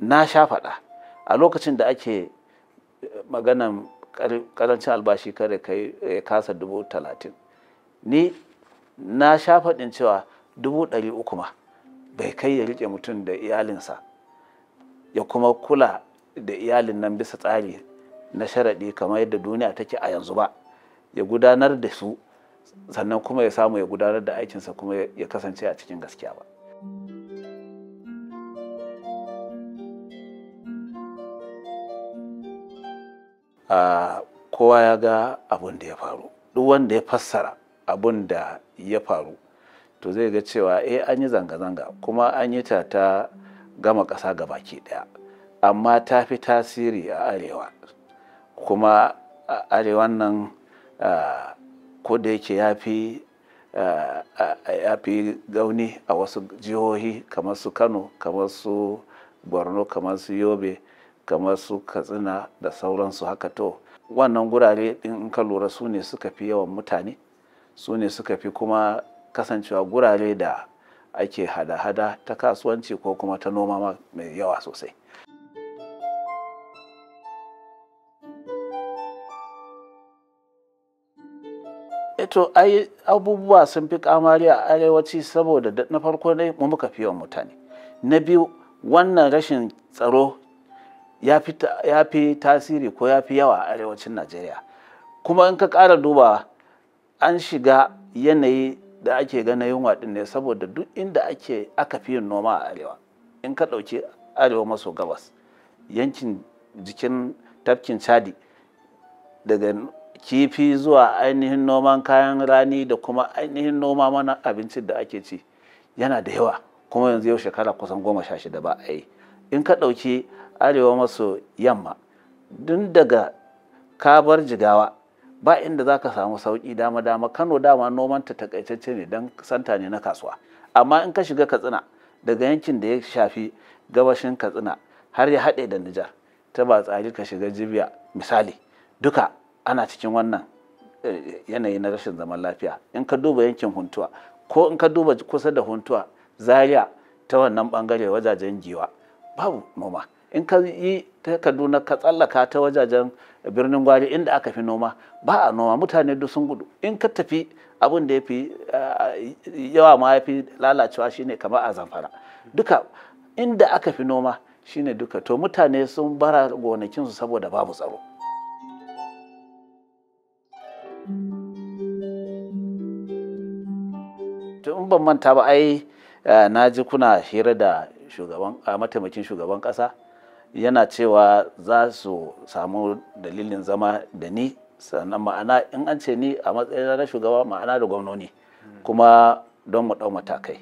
na sha faɗa a lokacin da ake eh, maganan karancin albashi kare kai ya kasa dubu talatin ni na sha faɗin cewa dubu ɗari uku ma bai kai ya riƙe mutum da iyalinsa ya kuma kula da iyalin nan bisa tsari na sharaɗi kamar yadda duniya take a yanzu ba ya gudanar da su sannan kuma ya samu ya gudanar da aikinsa kuma ya kasance a cikin gaskiya ba. kowa ya ga abun da ya faru duk wanda ya fassara abun da ya faru to zai ga cewa eh an yi zanga-zanga kuma an yi ta ta gama ƙasa ga baki ɗaya amma ta fi tasiri a arewa kuma arewan nan ko da yake ya fi ya gauni a wasu jihohi kamar su kano kamar su borno kamar su yobe kamar su katsina da sauransu haka to wannan gurare ɗin in ka lura su ne suka fi yawan mutane su ne suka fi kuma kasancewa gurare da ake hada-hada ta kasuwanci ko kuma ta noma mai yawa sosai eh to ai abubuwa sun fi kamari a arewaci saboda na farko ne mu muka fi yawan mutane na biyu wannan rashin tsaro ya fi tasiri ko ya fi yawa a arewacin najeriya kuma in ka ƙara duba an shiga yanayi da ake gana yunwa ɗin ne saboda duk inda ake aka fi yin noma a arewa in ka ɗauki arewa maso gabas yankin jikin tafkin chadi daga kifi zuwa ainihin noman kayan rani da kuma ainihin noma mana abincin da ake ci yana da yawa kuma yanzu yau shekara kusan goma sha shida ba a yi in ka ɗauki arewa maso yamma dun daga kabar jigawa ba inda za ka samu sauƙi dama dama kano dama nomanta takaitacce ne don santa ne na kasuwa amma in ka shiga katsina daga yankin da ya shafi gabashin katsina har ya haɗe da nijar ta ba tsari ka shiga jibiya misali duka ana cikin wannan eh, yanayi na rashin zaman lafiya in ka duba yankin huntuwa ko in ka duba kusa da huntuwa zariya ta wannan bangare wajajen giwa babu noma in ka yi ta kaduna ka tsallaka ta wajajen birnin gwari inda aka fi noma ba a noma mutane duk sun gudu in ka tafi abin da ya fi eh, yawa ma ya fi lalacewa shine kamar a zamfara duka inda aka fi noma shine duka to mutane sun bara gonakinsu saboda babu tsaro in ban manta ba ai eh, na ji kuna hira da shugaban mataimakin shugaban kasa yana cewa za su samu dalilin zama da ni sannan ma'ana in an ce ni a matsayin na shugaba ma'ana da gwamnoni kuma don mu dau matakai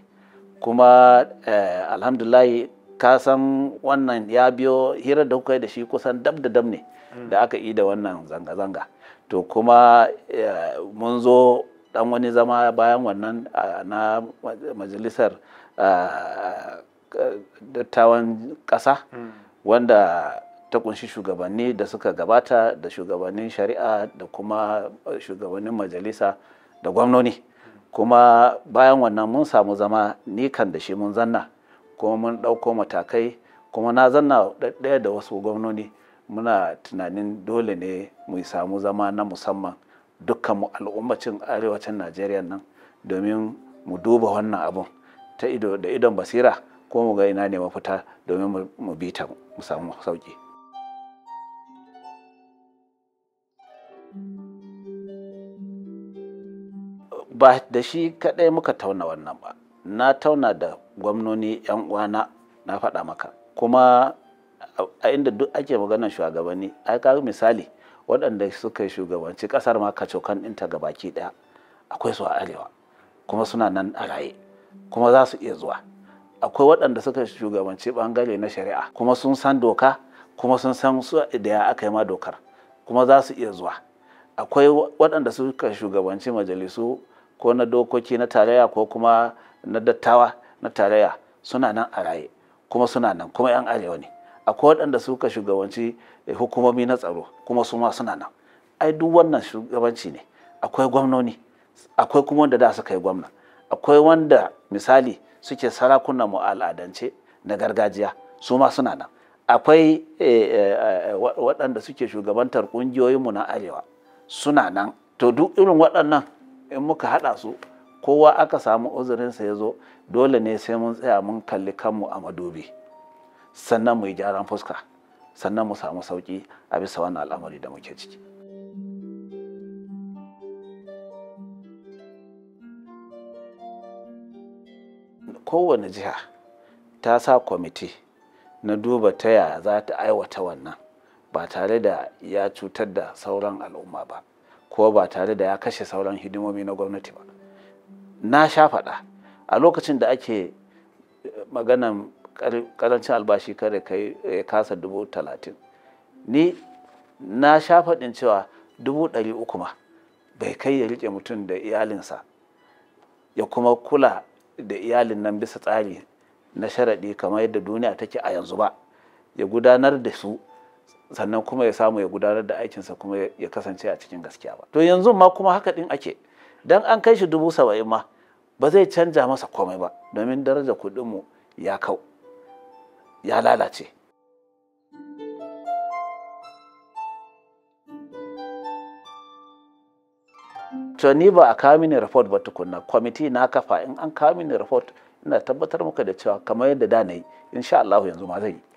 kuma eh, alhamdulahi ka san wannan ya biyo hira da kuka yi da shi kusan dab da dab ne da aka yi da wannan zanga-zanga to kuma eh, mun zo dan wani zama bayan wannan na majalisar eh, dattawan ƙasa hmm. wanda ta kunshi shugabanni da suka gabata da shugabannin shari'a da kuma eh, shugabannin majalisa da gwamnoni hmm. kuma bayan wannan mun samu zama ni kan da shi mun zanna kuma mun ɗauko matakai kuma na zanna ɗaya da wasu gwamnoni muna tunanin dole ne mu samu zama na musamman dukkan mu al'ummacin arewacin najeriya nan domin mu duba wannan abun ta ido da idon basira ko mu ga ina ne mafita domin mu bi ta mu samu sauki ba da shi kaɗai muka tauna wannan ba na tauna da gwamnoni 'yan uwana na faɗa maka kuma a inda duk ake maganar shugabanni ai misali waɗanda suka yi shugabanci ƙasar ma kacokan ɗinta ga baki ɗaya akwai su a arewa kuma suna nan a raye kuma za su iya zuwa akwai waɗanda suka shugabanci bangare na shari'a kuma sun san doka kuma sun san su da ya aka yi ma dokar kuma za su iya zuwa akwai waɗanda suka shugabanci majalisu ko na dokoki na tarayya ko kuma na dattawa na tarayya suna nan a raye kuma suna nan kuma 'yan arewa ne akwai waɗanda suka shugabanci eh, hukumomi na tsaro kuma su ma suna nan ai duk wannan shugabanci ne akwai gwamnoni akwai kuma wanda da suka yi gwamna akwai wanda misali suke sarakunan mu al'adance na gargajiya su ma suna nan akwai eh, eh, eh, waɗanda suke shugabantar ƙungiyoyin mu na arewa suna nan to duk irin waɗannan in muka haɗa su kowa aka samu uzurinsa ya zo dole ne sai mun tsaya mun kalli kanmu a madubi sannan mu yi gyaran fuska sannan mu samu sauƙi a bisa wannan al'amari da muke ciki kowane jiha ta sa kwamiti na duba ta yaya za ta aiwata wannan ba tare da ya cutar da sauran al'umma ba ko ba tare da ya kashe sauran hidimomi na gwamnati ba na sha faɗa a lokacin da ake eh, maganan karancin albashi kare kai kasa dubu talatin ni na sha faɗin cewa dubu ɗari uku ma bai kai ya riƙe mutum da iyalinsa ya kuma kula da iyalin nan bisa tsari na sharaɗi kamar yadda duniya take a yanzu ba ya gudanar da su sannan kuma ya samu ya gudanar da aikinsa kuma ya kasance a cikin gaskiya ba to yanzu ma kuma haka ɗin ake dan an kai shi dubu saba'in ma ba zai canja masa komai ba domin darajar kuɗinmu ya kau ya lalace to ni ba a kawo mini report ba tukunna kwamiti na kafa in an kawo mini report ina tabbatar muka da cewa kamar yadda da na yi insha Allah yanzu ma zai yi